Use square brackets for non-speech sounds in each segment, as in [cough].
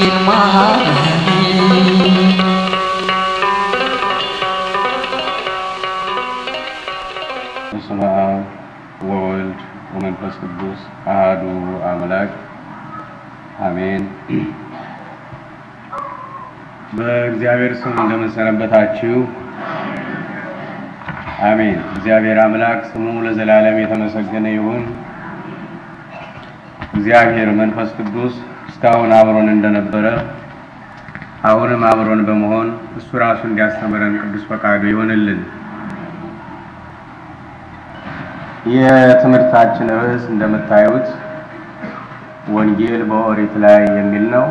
makin mahal በስመ አብ ወወልድ ወመንፈስ ቅዱስ አሐዱ አምላክ አሜን። በእግዚአብሔር ስም እንደምንሰነበታችሁ አሜን። እግዚአብሔር አምላክ ስሙ ለዘላለም የተመሰገነ ይሁን። እግዚአብሔር መንፈስ ቅዱስ እስካሁን አብሮን እንደነበረ አሁንም አብሮን በመሆን እሱ ራሱ እንዲያስተምረን ቅዱስ ፈቃዱ ይሆንልን። የትምህርታችን ርዕስ እንደምታዩት ወንጌል በኦሪት ላይ የሚል ነው።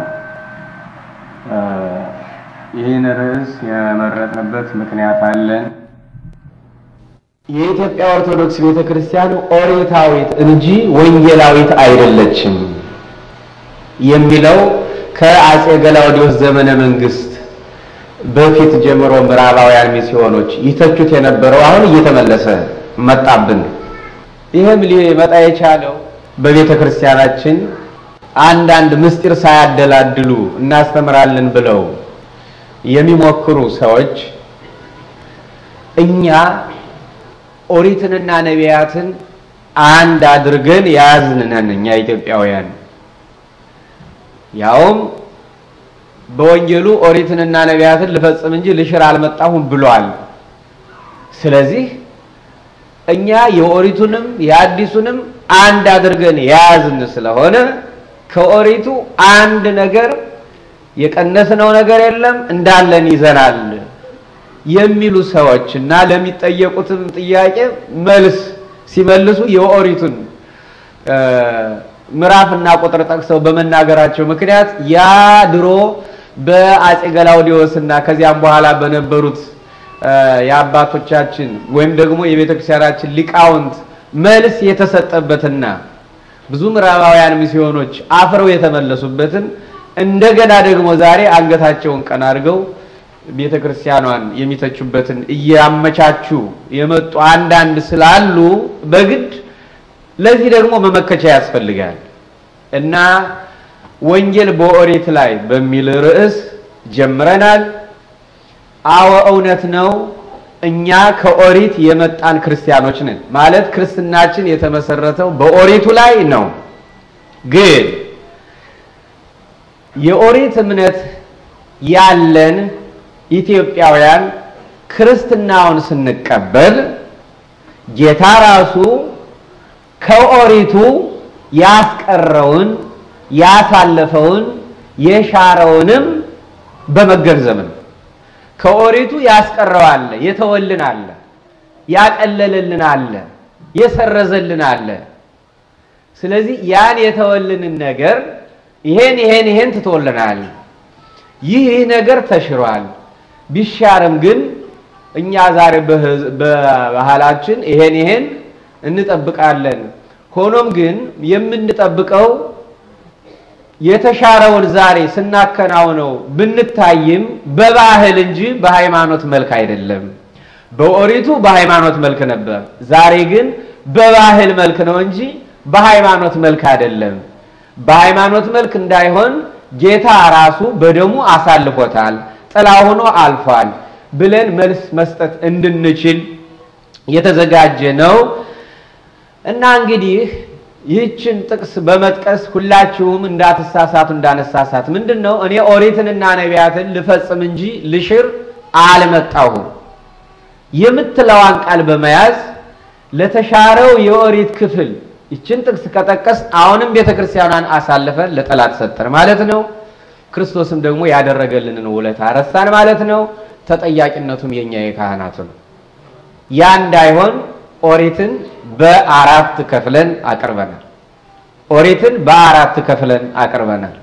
ይህን ርዕስ የመረጥንበት ምክንያት አለን። የኢትዮጵያ ኦርቶዶክስ ቤተ ክርስቲያን ኦሪታዊት እንጂ ወንጌላዊት አይደለችም። የሚለው ከአጼ ገላውዲዮስ ዘመነ መንግስት በፊት ጀምሮ ምዕራባውያን ሚስዮኖች ይተቹት የነበረው አሁን እየተመለሰ መጣብን። ይህም ሊመጣ የቻለው በቤተ ክርስቲያናችን አንዳንድ ምስጢር ሳያደላድሉ እናስተምራለን ብለው የሚሞክሩ ሰዎች እኛ ኦሪትንና ነቢያትን አንድ አድርገን ያዝንነን እኛ ኢትዮጵያውያን ያውም በወንጌሉ ኦሪትንና ነቢያትን ልፈጽም እንጂ ልሽር አልመጣሁም ብሏል። ስለዚህ እኛ የኦሪቱንም የአዲሱንም አንድ አድርገን የያዝን ስለሆነ ከኦሪቱ አንድ ነገር የቀነስነው ነገር የለም እንዳለን ይዘናል የሚሉ ሰዎች እና ለሚጠየቁትም ጥያቄ መልስ ሲመልሱ የኦሪቱን ምዕራፍና ቁጥር ጠቅሰው በመናገራቸው ምክንያት ያ ድሮ በአጼ ገላውዲዮስ ከዚያም በኋላ በነበሩት የአባቶቻችን ወይም ደግሞ የቤተክርስቲያናችን ሊቃውንት መልስ የተሰጠበትና ብዙ ምዕራባውያን ሚስዮኖች አፍረው የተመለሱበትን እንደገና ደግሞ ዛሬ አንገታቸውን ቀን አድርገው ቤተክርስቲያኗን የሚተቹበትን እያመቻቹ የመጡ አንዳንድ ስላሉ በግድ ለዚህ ደግሞ መመከቻ ያስፈልጋል እና ወንጌል በኦሪት ላይ በሚል ርዕስ ጀምረናል። አዎ እውነት ነው። እኛ ከኦሪት የመጣን ክርስቲያኖች ነን። ማለት ክርስትናችን የተመሰረተው በኦሪቱ ላይ ነው። ግን የኦሪት እምነት ያለን ኢትዮጵያውያን ክርስትናውን ስንቀበል ጌታ ራሱ ከኦሪቱ ያስቀረውን ያሳለፈውን የሻረውንም በመገንዘብ ነው። ከኦሪቱ ያስቀረው አለ፣ የተወልን አለ፣ ያቀለለልን አለ፣ የሰረዘልን አለ። ስለዚህ ያን የተወልንን ነገር ይሄን ይሄን ይሄን ትቶልናል፣ ይህ ይህ ነገር ተሽሯል። ቢሻርም ግን እኛ ዛሬ በባህላችን ይሄን ይሄን እንጠብቃለን። ሆኖም ግን የምንጠብቀው የተሻረውን ዛሬ ስናከናውነው ብንታይም በባህል እንጂ በሃይማኖት መልክ አይደለም። በኦሪቱ በሃይማኖት መልክ ነበር፣ ዛሬ ግን በባህል መልክ ነው እንጂ በሃይማኖት መልክ አይደለም። በሃይማኖት መልክ እንዳይሆን ጌታ ራሱ በደሙ አሳልፎታል፣ ጥላ ሆኖ አልፏል ብለን መልስ መስጠት እንድንችል የተዘጋጀ ነው። እና እንግዲህ ይህችን ጥቅስ በመጥቀስ ሁላችሁም እንዳትሳሳቱ እንዳነሳሳት ምንድን ነው እኔ ኦሪትንና ነቢያትን ልፈጽም እንጂ ልሽር አልመጣሁም የምትለዋን ቃል በመያዝ ለተሻረው የኦሪት ክፍል ይችን ጥቅስ ከጠቀስ አሁንም ቤተ ክርስቲያኗን አሳልፈን ለጠላት ሰጠን ማለት ነው። ክርስቶስም ደግሞ ያደረገልንን ውለታ ረሳን ማለት ነው። ተጠያቂነቱም የኛ የካህናቱ ነው። ያ እንዳይሆን ኦሪትን በአራት ከፍለን አቅርበናል። ኦሪትን በአራት ከፍለን አቅርበናል።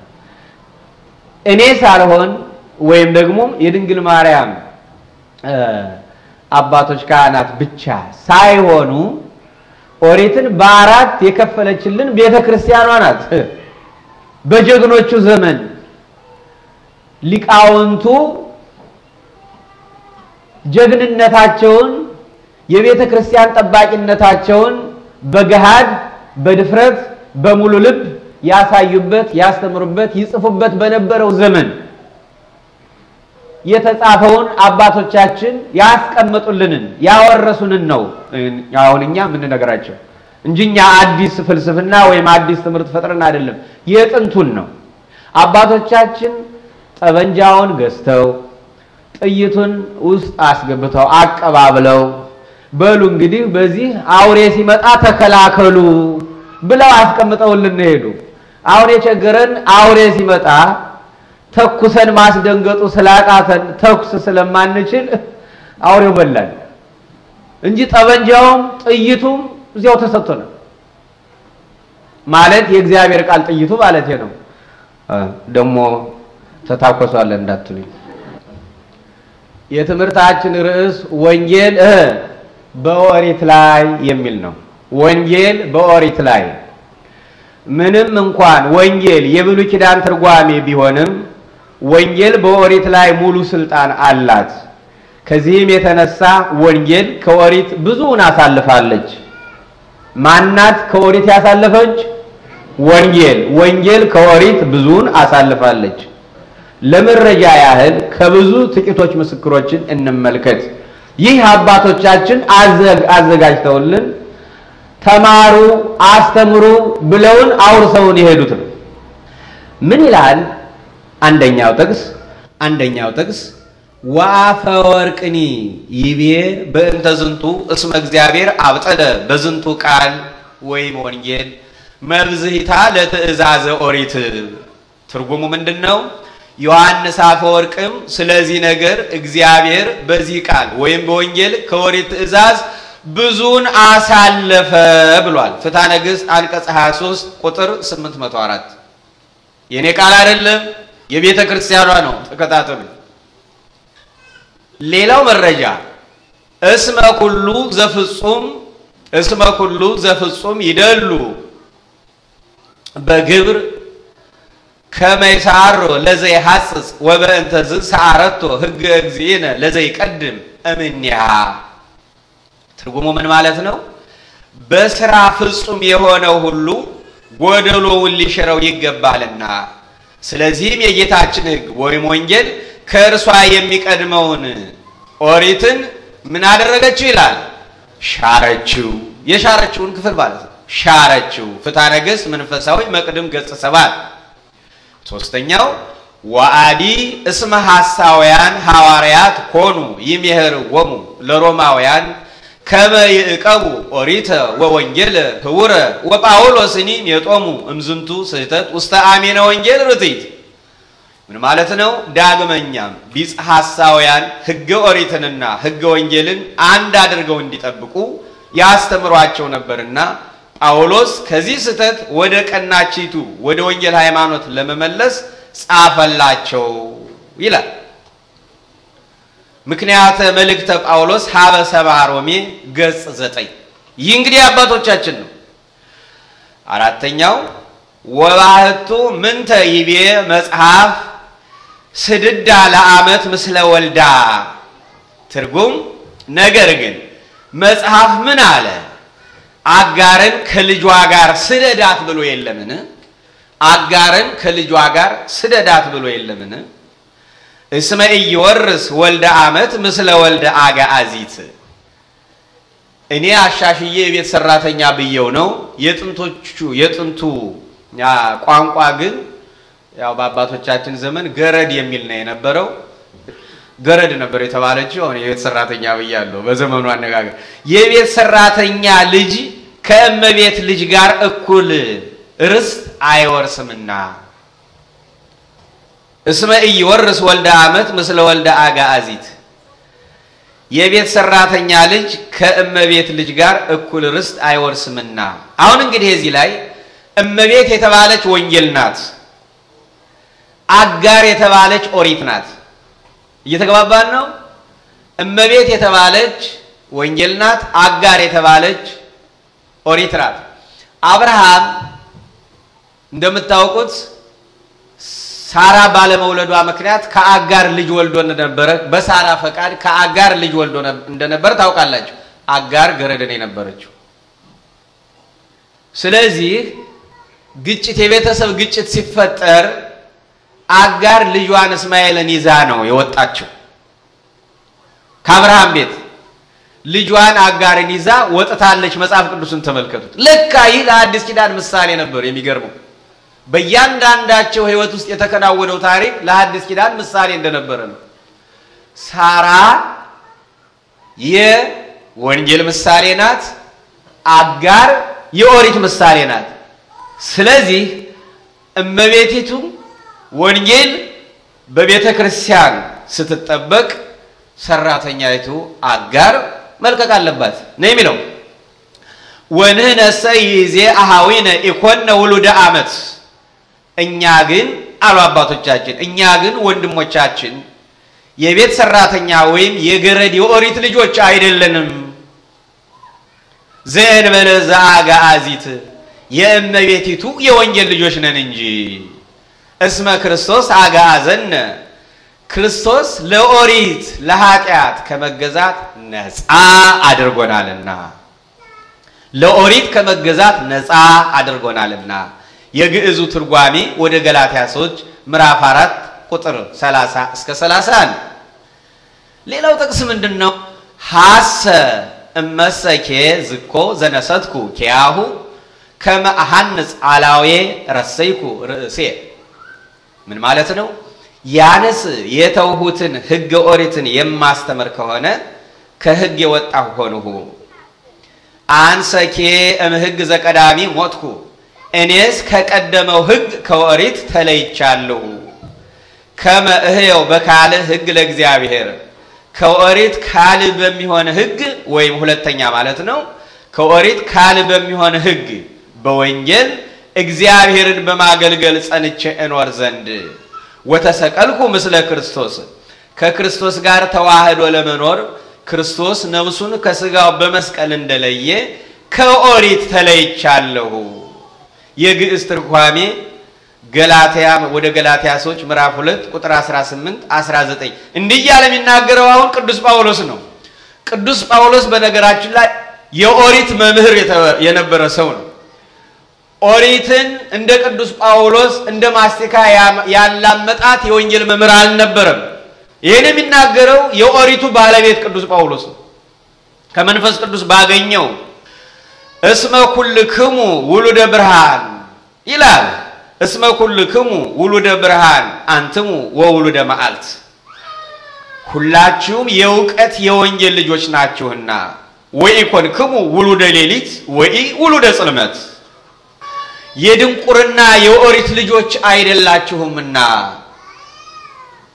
እኔ ሳልሆን ወይም ደግሞ የድንግል ማርያም አባቶች ካህናት ብቻ ሳይሆኑ ኦሪትን በአራት የከፈለችልን ቤተ ክርስቲያኗ ናት። በጀግኖቹ ዘመን ሊቃውንቱ ጀግንነታቸውን የቤተ ክርስቲያን ጠባቂነታቸውን በገሃድ በድፍረት በሙሉ ልብ ያሳዩበት፣ ያስተምሩበት፣ ይጽፉበት በነበረው ዘመን የተጻፈውን አባቶቻችን ያስቀመጡልንን ያወረሱንን ነው አሁን እኛ የምንነግራቸው እንጂ እኛ አዲስ ፍልስፍና ወይም አዲስ ትምህርት ፈጥረን አይደለም። የጥንቱን ነው አባቶቻችን ጠበንጃውን ገዝተው ጥይቱን ውስጥ አስገብተው አቀባብለው በሉ እንግዲህ በዚህ አውሬ ሲመጣ ተከላከሉ ብለው አስቀምጠውልን ሄዱ። አሁን የቸገረን አውሬ ሲመጣ ተኩሰን ማስደንገጡ ስላቃተን ተኩስ ስለማንችል አውሬው በላን እንጂ ጠበንጃውም ጥይቱም እዚያው ነው ማለት የእግዚአብሔር ቃል ጥይቱ ማለት ነው። ደግሞ ተታኮሷለን እንዳትሉኝ። የትምህርታችን ርዕስ ወንጌል በኦሪት ላይ የሚል ነው። ወንጌል በኦሪት ላይ ምንም እንኳን ወንጌል የብሉይ ኪዳን ትርጓሜ ቢሆንም ወንጌል በኦሪት ላይ ሙሉ ስልጣን አላት። ከዚህም የተነሳ ወንጌል ከኦሪት ብዙውን አሳልፋለች። ማናት ከኦሪት ያሳለፈች? ወንጌል። ወንጌል ከኦሪት ብዙውን አሳልፋለች። ለመረጃ ያህል ከብዙ ጥቂቶች ምስክሮችን እንመልከት። ይህ አባቶቻችን አዘጋጅተውልን ተማሩ አስተምሩ ብለውን አውርሰውን የሄዱት ነው። ምን ይላል አንደኛው ጥቅስ? አንደኛው ጥቅስ ወአፈ ወርቅኒ ይቤ በእንተ ዝንቱ እስመ እግዚአብሔር አብጠለ በዝንቱ ቃል ወይም ወንጌል መብዝሂታ ለትእዛዘ ኦሪት። ትርጉሙ ምንድን ነው? ዮሐንስ አፈወርቅም ስለዚህ ነገር እግዚአብሔር በዚህ ቃል ወይም በወንጌል ከኦሪት ትእዛዝ ብዙን አሳለፈ ብሏል። ፍትሐ ነገሥት አንቀጽ 23 ቁጥር 804 የእኔ ቃል አይደለም፣ የቤተ ክርስቲያኗ ነው። ተከታተሉ። ሌላው መረጃ እስመ ኩሉ ዘፍጹም እስመ ኩሉ ዘፍጹም ይደሉ በግብር ከመይሳሮ ለዘይ ሐጽጽ ወበእንተ ዝሰዓረቶ ህግ እግዚእነ ለዘይ ቀድም እምኒያ ትርጉሙ ምን ማለት ነው? በስራ ፍጹም የሆነ ሁሉ ጎደሎውን ሊሽረው ይገባልና ስለዚህም የጌታችን ህግ ወይም ወንጌል ከእርሷ የሚቀድመውን ኦሪትን ምን አደረገችው ይላል ሻረችው የሻረችውን ክፍል ማለት ነው ሻረችው ፍትሐ ነገሥት መንፈሳዊ መቅድም ገጽ ሰባት ሶስተኛው ወአዲ እስመ ሐሳውያን ሐዋርያት ኮኑ ወሙ ለሮማውያን ከመ ይዕቀቡ ኦሪተ ወወንጌለ ህውረ ወጳውሎስኒ የጦሙ እምዝንቱ ስህተት ውስተ አሜነ ወንጌል ርትይት ምን ማለት ነው? ዳግመኛም ቢጽ ሐሳውያን ህገ ኦሪትንና ህገ ወንጌልን አንድ አድርገው እንዲጠብቁ ያስተምሯቸው ነበርና ጳውሎስ ከዚህ ስህተት ወደ ቀናቺቱ ወደ ወንጌል ሃይማኖት ለመመለስ ጻፈላቸው ይላል። ምክንያተ መልእክተ ጳውሎስ ሀበ ሰብአ ሮሜ ገጽ ዘጠኝ ይህ እንግዲህ አባቶቻችን ነው። አራተኛው ወባህቱ ምንተ ይቤ መጽሐፍ ስድዳ ለአመት ምስለ ወልዳ ትርጉም ነገር ግን መጽሐፍ ምን አለ አጋርን ከልጇ ጋር ስደዳት ብሎ የለምን? አጋርን ከልጇ ጋር ስደዳት ብሎ የለምን? እስመ ኢይወርስ ወልደ አመት ምስለ ወልደ አግዓዚት። እኔ አሻሽዬ የቤት ሰራተኛ ብየው ነው። የጥንቶቹ የጥንቱ ቋንቋ ግን ያው በአባቶቻችን ዘመን ገረድ የሚል ነው የነበረው። ገረድ ነበር የተባለችው አሁን የቤት ሰራተኛ ብያለሁ። በዘመኑ አነጋገር የቤት ሰራተኛ ልጅ ከእመቤት ልጅ ጋር እኩል ርስት አይወርስምና እስመ ኢይወርስ ወልደ አመት ምስለ ወልደ አጋአዚት የቤት ሰራተኛ ልጅ ከእመቤት ልጅ ጋር እኩል ርስት አይወርስምና። አሁን እንግዲህ እዚህ ላይ እመቤት የተባለች ወንጌል ናት፣ አጋር የተባለች ኦሪት ናት። እየተገባባን ነው። እመቤት የተባለች ወንጌል ናት፣ አጋር የተባለች ኦሪት ናት። አብርሃም እንደምታውቁት ሳራ ባለመውለዷ ምክንያት ከአጋር ልጅ ወልዶ እንደነበረ በሳራ ፈቃድ ከአጋር ልጅ ወልዶ እንደነበር ታውቃላችሁ። አጋር ገረድን የነበረችው። ስለዚህ ግጭት የቤተሰብ ግጭት ሲፈጠር አጋር ልጇን እስማኤልን ይዛ ነው የወጣችው ከአብርሃም ቤት ልጇን አጋርን ይዛ ወጥታለች። መጽሐፍ ቅዱስን ተመልከቱት። ልካ ይህ ለአዲስ ኪዳን ምሳሌ ነበር። የሚገርመው በእያንዳንዳቸው ሕይወት ውስጥ የተከናወነው ታሪክ ለአዲስ ኪዳን ምሳሌ እንደነበረ ነው። ሳራ የወንጌል ምሳሌ ናት። አጋር የኦሪት ምሳሌ ናት። ስለዚህ እመቤቲቱ ወንጌል በቤተ ክርስቲያን ስትጠበቅ ሰራተኛይቱ አጋር መልቀቅ አለባት ነው የሚለው ወንህነሰ ይዜ አሃዊነ ኢኮነ ውሉደ አመት እኛ ግን አሉ አባቶቻችን እኛ ግን ወንድሞቻችን የቤት ሰራተኛ ወይም የገረድ የኦሪት ልጆች አይደለንም። ዘእንበለ ዘአግዓዚት የእመቤቲቱ የወንጌል ልጆች ነን እንጂ እስመ ክርስቶስ አግዓዘነ ክርስቶስ ለኦሪት ለኃጢአት ከመገዛት ነፃ አድርጎናልና ለኦሪት ከመገዛት ነፃ አድርጎናልና የግዕዙ ትርጓሜ ወደ ገላትያ ሰዎች ምዕራፍ 4 ቁጥር 30 እስከ 30 ሌላው ጥቅስ ምንድን ነው? ሐሰ እመሰኬ ዝኮ ዘነሰትኩ ኪያሁ ከመ አሐንጽ አላዌ ረሰይኩ ርእሴ ምን ማለት ነው? ያንስ የተውሁትን ህግ ኦሪትን የማስተምር ከሆነ ከህግ የወጣሁ ሆንሁ። አንሰኬ እምሕግ ዘቀዳሚ ሞትኩ፣ እኔስ ከቀደመው ህግ ከኦሪት ተለይቻለሁ። ከመ እህየው በካል ህግ ለእግዚአብሔር ከኦሪት ካል በሚሆን ህግ ወይም ሁለተኛ ማለት ነው። ከኦሪት ካል በሚሆን ህግ በወንጌል እግዚአብሔርን በማገልገል ጸንቼ እኖር ዘንድ ወተሰቀልኩ ምስለ ክርስቶስ ከክርስቶስ ጋር ተዋህዶ ለመኖር ክርስቶስ ነፍሱን ከስጋው በመስቀል እንደለየ ከኦሪት ተለይቻለሁ። የግዕዝ ትርጓሜ ገላትያ ወደ ገላትያ ሰዎች ምዕራፍ 2 ቁጥር 18 19 እንዲህ እያለ የሚናገረው አሁን ቅዱስ ጳውሎስ ነው። ቅዱስ ጳውሎስ በነገራችን ላይ የኦሪት መምህር የነበረ ሰው ነው። ኦሪትን እንደ ቅዱስ ጳውሎስ እንደ ማስቲካ ያላመጣት የወንጌል መምህር አልነበረም። ይህን የሚናገረው የኦሪቱ ባለቤት ቅዱስ ጳውሎስ ነው። ከመንፈስ ቅዱስ ባገኘው እስመ ክሙ ውሉደ ብርሃን ይላል። እስመ ክሙ ውሉደ ብርሃን አንትሙ ወውሉደ መዓልት፣ ሁላችሁም የእውቀት የወንጌል ልጆች ናችሁና። ወኢ ኮንክሙ ውሉደ ሌሊት ወኢ ውሉደ ጽልመት የድንቁርና የኦሪት ልጆች አይደላችሁምና።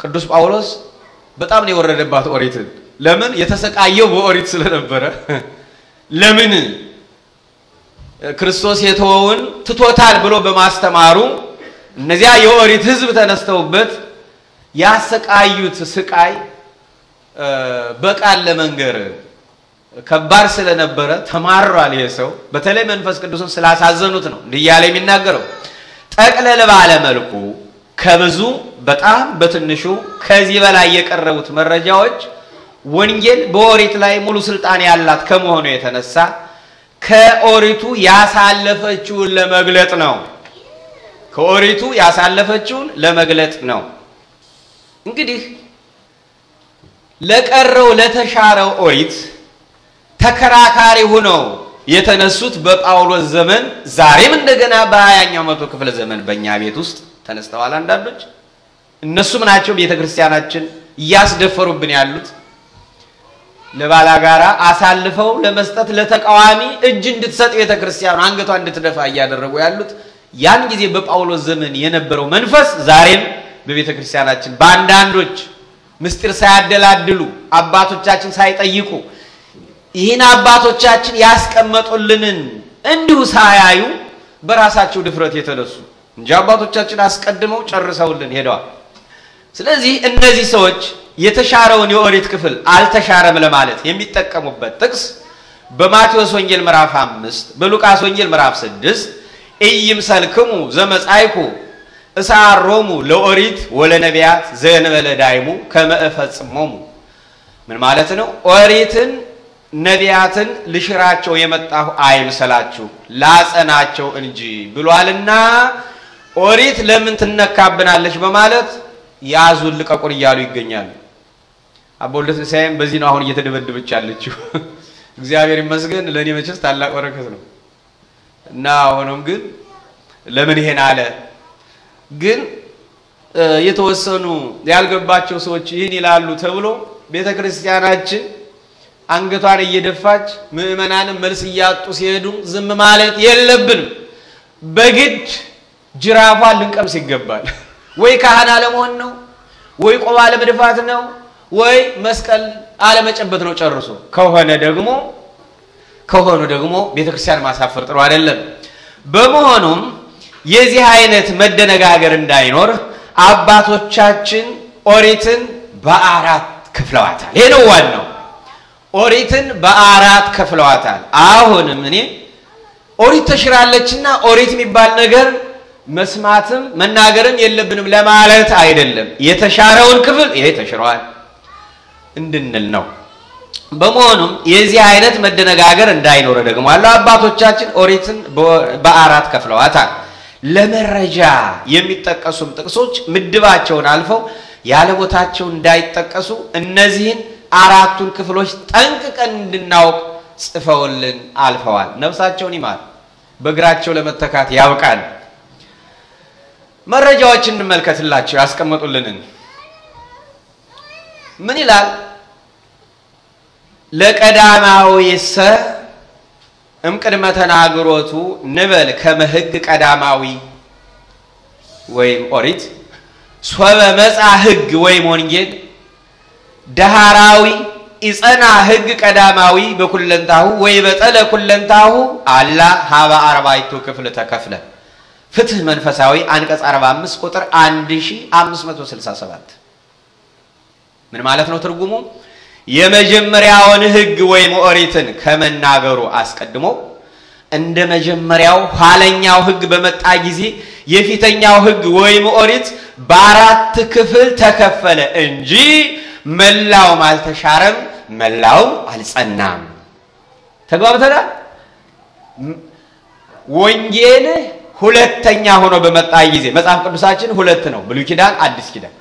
ቅዱስ ጳውሎስ በጣም ነው የወረደባት ኦሪትን። ለምን? የተሰቃየው በኦሪት ስለነበረ። ለምን ክርስቶስ የተወውን ትቶታል ብሎ በማስተማሩ እነዚያ የኦሪት ሕዝብ ተነስተውበት ያሰቃዩት ስቃይ በቃል ለመንገር ከባድ ስለነበረ ተማሯል። ይሄ ሰው በተለይ መንፈስ ቅዱስን ስላሳዘኑት ነው እንዲያለ የሚናገረው። ጠቅለል ባለ መልኩ ከብዙ በጣም በትንሹ ከዚህ በላይ የቀረቡት መረጃዎች ወንጌል በኦሪት ላይ ሙሉ ስልጣን ያላት ከመሆኑ የተነሳ ከኦሪቱ ያሳለፈችውን ለመግለጥ ነው። ከኦሪቱ ያሳለፈችውን ለመግለጥ ነው። እንግዲህ ለቀረው ለተሻረው ኦሪት ተከራካሪ ሆነው የተነሱት በጳውሎስ ዘመን፣ ዛሬም እንደገና በሀያኛው መቶ ክፍለ ዘመን በእኛ ቤት ውስጥ ተነስተዋል። አንዳንዶች እነሱም ናቸው ቤተ ክርስቲያናችን እያስደፈሩብን ያሉት ለባላጋራ አሳልፈው ለመስጠት ለተቃዋሚ እጅ እንድትሰጥ ቤተ ክርስቲያኑ አንገቷ እንድትደፋ እያደረጉ ያሉት ያን ጊዜ በጳውሎስ ዘመን የነበረው መንፈስ ዛሬም በቤተ ክርስቲያናችን በአንዳንዶች ምስጢር ሳያደላድሉ አባቶቻችን ሳይጠይቁ ይህን አባቶቻችን ያስቀመጡልንን እንዲሁ ሳያዩ በራሳቸው ድፍረት የተነሱ እንጂ አባቶቻችን አስቀድመው ጨርሰውልን ሄደዋል። ስለዚህ እነዚህ ሰዎች የተሻረውን የኦሪት ክፍል አልተሻረም ለማለት የሚጠቀሙበት ጥቅስ በማቴዎስ ወንጌል ምዕራፍ አምስት በሉቃስ ወንጌል ምዕራፍ ስድስት ኢይምሰልክሙ ዘመጻይኩ እሳሮሙ ለኦሪት ወለነቢያት ዘእንበለ ዳይሙ ከመእፈጽሞሙ ምን ማለት ነው? ኦሪትን ነቢያትን ልሽራቸው የመጣሁ አይምሰላችሁ ላጸናቸው እንጂ ብሏልና ኦሪት ለምን ትነካብናለች በማለት ያዙን ልቀቁን እያሉ ይገኛሉ። አባ ወልደ በዚህ ነው አሁን እየተደበደበች ያለችው። [laughs] እግዚአብሔር ይመስገን ለእኔ መቼስ ታላቅ በረከት ነው እና ሆኖም ግን ለምን ይሄን አለ ግን የተወሰኑ ያልገባቸው ሰዎች ይህን ይላሉ ተብሎ ቤተ ክርስቲያናችን አንገቷን እየደፋች ምእመናንም መልስ እያጡ ሲሄዱ ዝም ማለት የለብንም። በግድ ጅራፏን ልንቀምስ ይገባል። ወይ ካህን አለመሆን ነው፣ ወይ ቆብ አለመድፋት ነው፣ ወይ መስቀል አለመጨበት ነው። ጨርሶ ከሆነ ደግሞ ከሆኑ ደግሞ ቤተክርስቲያን ማሳፈር ጥሩ አይደለም። በመሆኑም የዚህ አይነት መደነጋገር እንዳይኖር አባቶቻችን ኦሪትን በአራት ክፍለዋታል። ይህ ነው ዋናው። ኦሪትን በአራት ከፍለዋታል። አሁንም እኔ ኦሪት ተሽራለችና ኦሪት የሚባል ነገር መስማትም መናገርም የለብንም ለማለት አይደለም። የተሻረውን ክፍል ይሄ ተሽረዋል እንድንል ነው። በመሆኑም የዚህ አይነት መደነጋገር እንዳይኖረ ደግሞ አለ አባቶቻችን ኦሪትን በአራት ከፍለዋታል። ለመረጃ የሚጠቀሱም ጥቅሶች ምድባቸውን አልፈው ያለ ቦታቸው እንዳይጠቀሱ እነዚህን አራቱን ክፍሎች ጠንቅቀን እንድናውቅ ጽፈውልን አልፈዋል። ነፍሳቸውን ይማር፣ በእግራቸው ለመተካት ያብቃል። መረጃዎች እንመልከትላቸው ያስቀመጡልንን። ምን ይላል? ለቀዳማዊሰ እምቅድመ ተናግሮቱ ንበል ከመህግ ቀዳማዊ ወይም ኦሪት ሶበ መጻ ወይም ወንጌል ደሃራዊ ኢጸና ህግ ቀዳማዊ በኩለንታሁ ወይ በጠለ ኩለንታሁ አላ ሀባ አርባይቱ ክፍል ተከፍለ ፍትህ መንፈሳዊ አንቀጽ 45 ቁጥር 1567 ምን ማለት ነው ትርጉሙ? የመጀመሪያውን ህግ ወይም ኦሪትን ከመናገሩ አስቀድሞ እንደ መጀመሪያው ኋለኛው ህግ በመጣ ጊዜ የፊተኛው ህግ ወይም ኦሪት በአራት ክፍል ተከፈለ እንጂ መላውም አልተሻረም፣ መላውም አልጸናም። ተግባብተናል። ወንጌል ሁለተኛ ሆኖ በመጣ ጊዜ መጽሐፍ ቅዱሳችን ሁለት ነው፣ ብሉይ ኪዳን፣ አዲስ ኪዳን።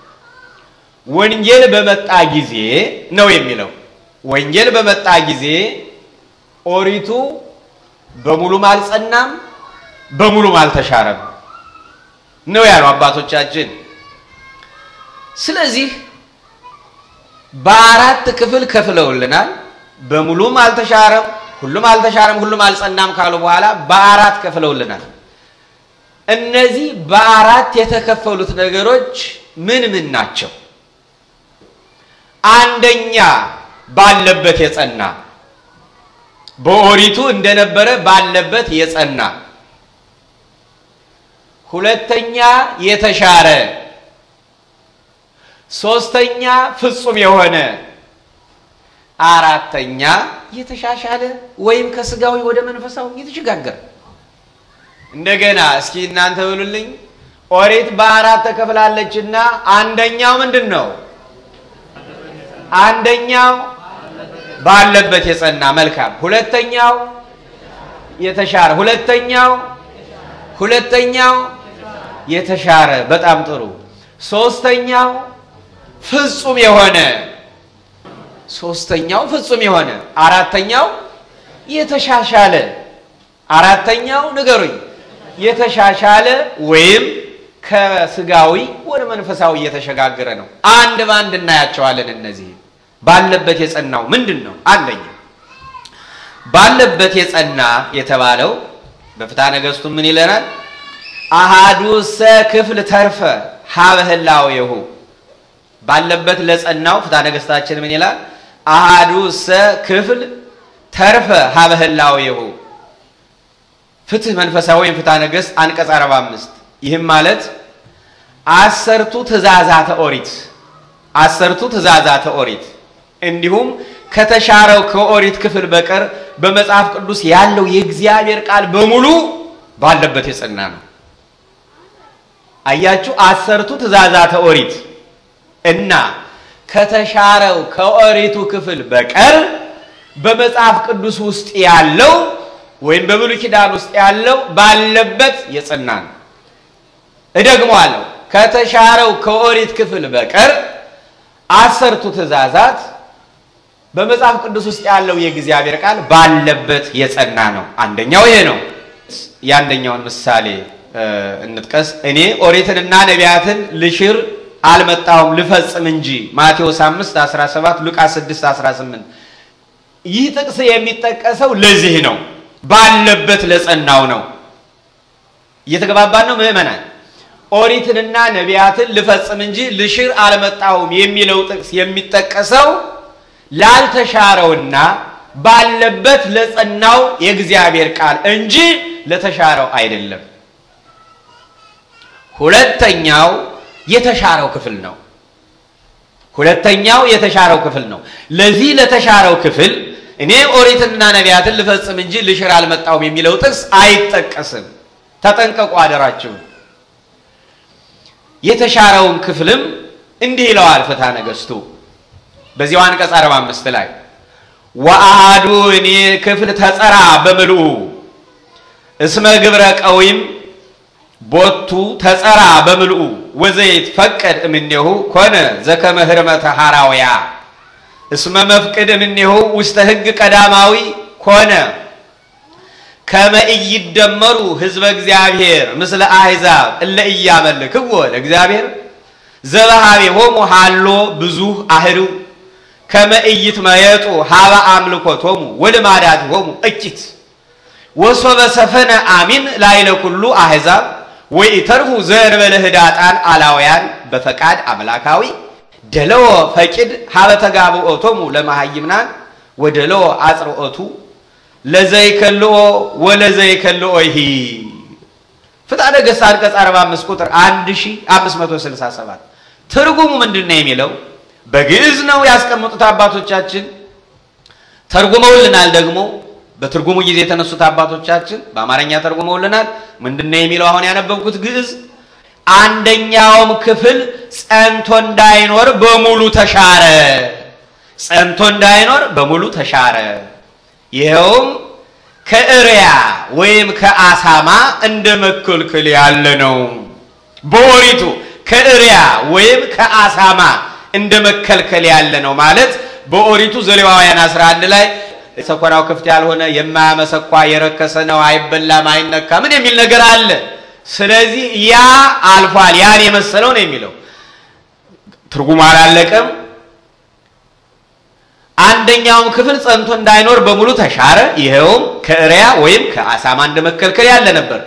ወንጌል በመጣ ጊዜ ነው የሚለው። ወንጌል በመጣ ጊዜ ኦሪቱ በሙሉም አልጸናም፣ በሙሉም አልተሻረም ነው ያሉ አባቶቻችን። ስለዚህ በአራት ክፍል ከፍለውልናል። በሙሉም አልተሻረም፣ ሁሉም አልተሻረም፣ ሁሉም አልጸናም ካሉ በኋላ በአራት ከፍለውልናል። እነዚህ በአራት የተከፈሉት ነገሮች ምን ምን ናቸው? አንደኛ ባለበት የጸና በኦሪቱ እንደነበረ ባለበት የጸና ሁለተኛ የተሻረ ሶስተኛ ፍጹም የሆነ አራተኛ የተሻሻለ ወይም ከስጋዊ ወደ መንፈሳዊ የተሸጋገረ። እንደገና እስኪ እናንተ ብሉልኝ። ኦሪት በአራት ተከፍላለችና አንደኛው ምንድን ነው? አንደኛው ባለበት የጸና መልካም፣ ሁለተኛው የተሻረ፣ ሁለተኛው ሁለተኛው የተሻረ በጣም ጥሩ፣ ሶስተኛው ፍጹም የሆነ ሶስተኛው ፍጹም የሆነ አራተኛው የተሻሻለ አራተኛው ንገሩኝ የተሻሻለ ወይም ከስጋዊ ወደ መንፈሳዊ እየተሸጋገረ ነው አንድ በአንድ እናያቸዋለን እነዚህ ባለበት የጸናው ምንድን ነው አንደኛ ባለበት የጸና የተባለው በፍታ ነገስቱ ምን ይለናል አሃዱሰ ክፍል ተርፈ ሀበህላው የሁ ባለበት ለጸናው ፍትሐ ነገሥታችን ምን ይላል? አሃዱ ሰ ክፍል ተርፈ ሀበህላው ይሁ ፍትህ መንፈሳዊ ወይም ፍትሐ ነገሥት አንቀጽ 45 ይህም ማለት አሰርቱ ትእዛዛተ ኦሪት አሰርቱ ትእዛዛተ ኦሪት እንዲሁም ከተሻረው ከኦሪት ክፍል በቀር በመጽሐፍ ቅዱስ ያለው የእግዚአብሔር ቃል በሙሉ ባለበት የጸና ነው። አያችሁ፣ አሰርቱ ትእዛዛተ ኦሪት እና ከተሻረው ከኦሪቱ ክፍል በቀር በመጽሐፍ ቅዱስ ውስጥ ያለው ወይም በብሉ ኪዳን ውስጥ ያለው ባለበት የጽና ነው። እደግመዋለሁ። ከተሻረው ከኦሪት ክፍል በቀር አሰርቱ ትእዛዛት በመጽሐፍ ቅዱስ ውስጥ ያለው የእግዚአብሔር ቃል ባለበት የጸና ነው። አንደኛው ይሄ ነው። የአንደኛውን ምሳሌ እንጥቀስ። እኔ ኦሪትንና ነቢያትን ልሽር አልመጣሁም ልፈጽም እንጂ ማቴዎስ 5 17 ሉቃስ 6 18 ይህ ጥቅስ የሚጠቀሰው ለዚህ ነው። ባለበት ለጸናው ነው። እየተገባባን ነው ምእመናን ኦሪትንና ነቢያትን ልፈጽም እንጂ ልሽር አልመጣሁም የሚለው ጥቅስ የሚጠቀሰው ላልተሻረውና ባለበት ለጸናው የእግዚአብሔር ቃል እንጂ ለተሻረው አይደለም። ሁለተኛው የተሻረው ክፍል ነው። ሁለተኛው የተሻረው ክፍል ነው። ለዚህ ለተሻረው ክፍል እኔ ኦሪትና ነቢያትን ልፈጽም እንጂ ልሽር አልመጣሁም የሚለው ጥቅስ አይጠቀስም። ተጠንቀቁ አደራችሁ። የተሻረውን ክፍልም እንዲህ ይለዋል ፍትሐ ነገሥቱ በዚያው አንቀጽ 45 ላይ ወአሃዱ እኔ ክፍል ተጸራ በምልኡ እስመ ግብረ ቀዊም ቦቱ ተጸራ በምልኡ ወዘይት ፈቀድ እምኔሁ ኮነ ዘከመ ህርመተ ሐራውያ እስመ መፍቅድ እምኔሁ ውስተ ህግ ቀዳማዊ ኮነ ከመ ኢይደመሩ ህዝበ እግዚአብሔር ምስለ አሕዛብ እለ ኢያመልክዎ ለእግዚአብሔር ዘበሃቤሆሙ ሀሎ ብዙህ አህዱ ከመ ኢይትመየጡ ሀበ አምልኮቶሙ ወልማዳቲሆሙ እኪት ወሶበ ሰፈነ አሚን ላዕለ ኩሉ አሕዛብ ወይ ተርሁ ዘርበለ ህዳጣን አላውያን በፈቃድ አምላካዊ ደለዎ ፈቂድ ሀበ ተጋብኦቶሙ ለመሃይምናን ወደለዎ አጽርኦቱ ለዘይከልኦ ወለዘይከልኦ ይሂ ፍትሐ ነገሥት አንቀጽ 45 ቁጥር 1567 ትርጉሙ ምንድን ነው የሚለው በግዕዝ ነው ያስቀመጡት አባቶቻችን ተርጉመውልናል ደግሞ በትርጉሙ ጊዜ የተነሱት አባቶቻችን በአማርኛ ተርጉመውልናል። ምንድነው የሚለው? አሁን ያነበብኩት ግዕዝ አንደኛውም ክፍል ጸንቶ እንዳይኖር በሙሉ ተሻረ። ጸንቶ እንዳይኖር በሙሉ ተሻረ። ይኸውም ከእርያ ወይም ከአሳማ እንደ መከልከል ያለ ነው። በወሪቱ ከእርያ ወይም ከአሳማ እንደ መከልከል ያለ ነው ማለት በኦሪቱ ዘሌዋውያን 11 ላይ ሰኮናው ክፍት ያልሆነ የማያመሰኳ የረከሰ ነው፣ አይበላም፣ አይነካ ምን የሚል ነገር አለ። ስለዚህ ያ አልፏል፣ ያን የመሰለው ነው የሚለው ትርጉም አላለቀም። አንደኛውም ክፍል ጸንቶ እንዳይኖር በሙሉ ተሻረ። ይኸውም ከእሪያ ወይም ከአሳማ እንደ መከልከል ያለ ነበር።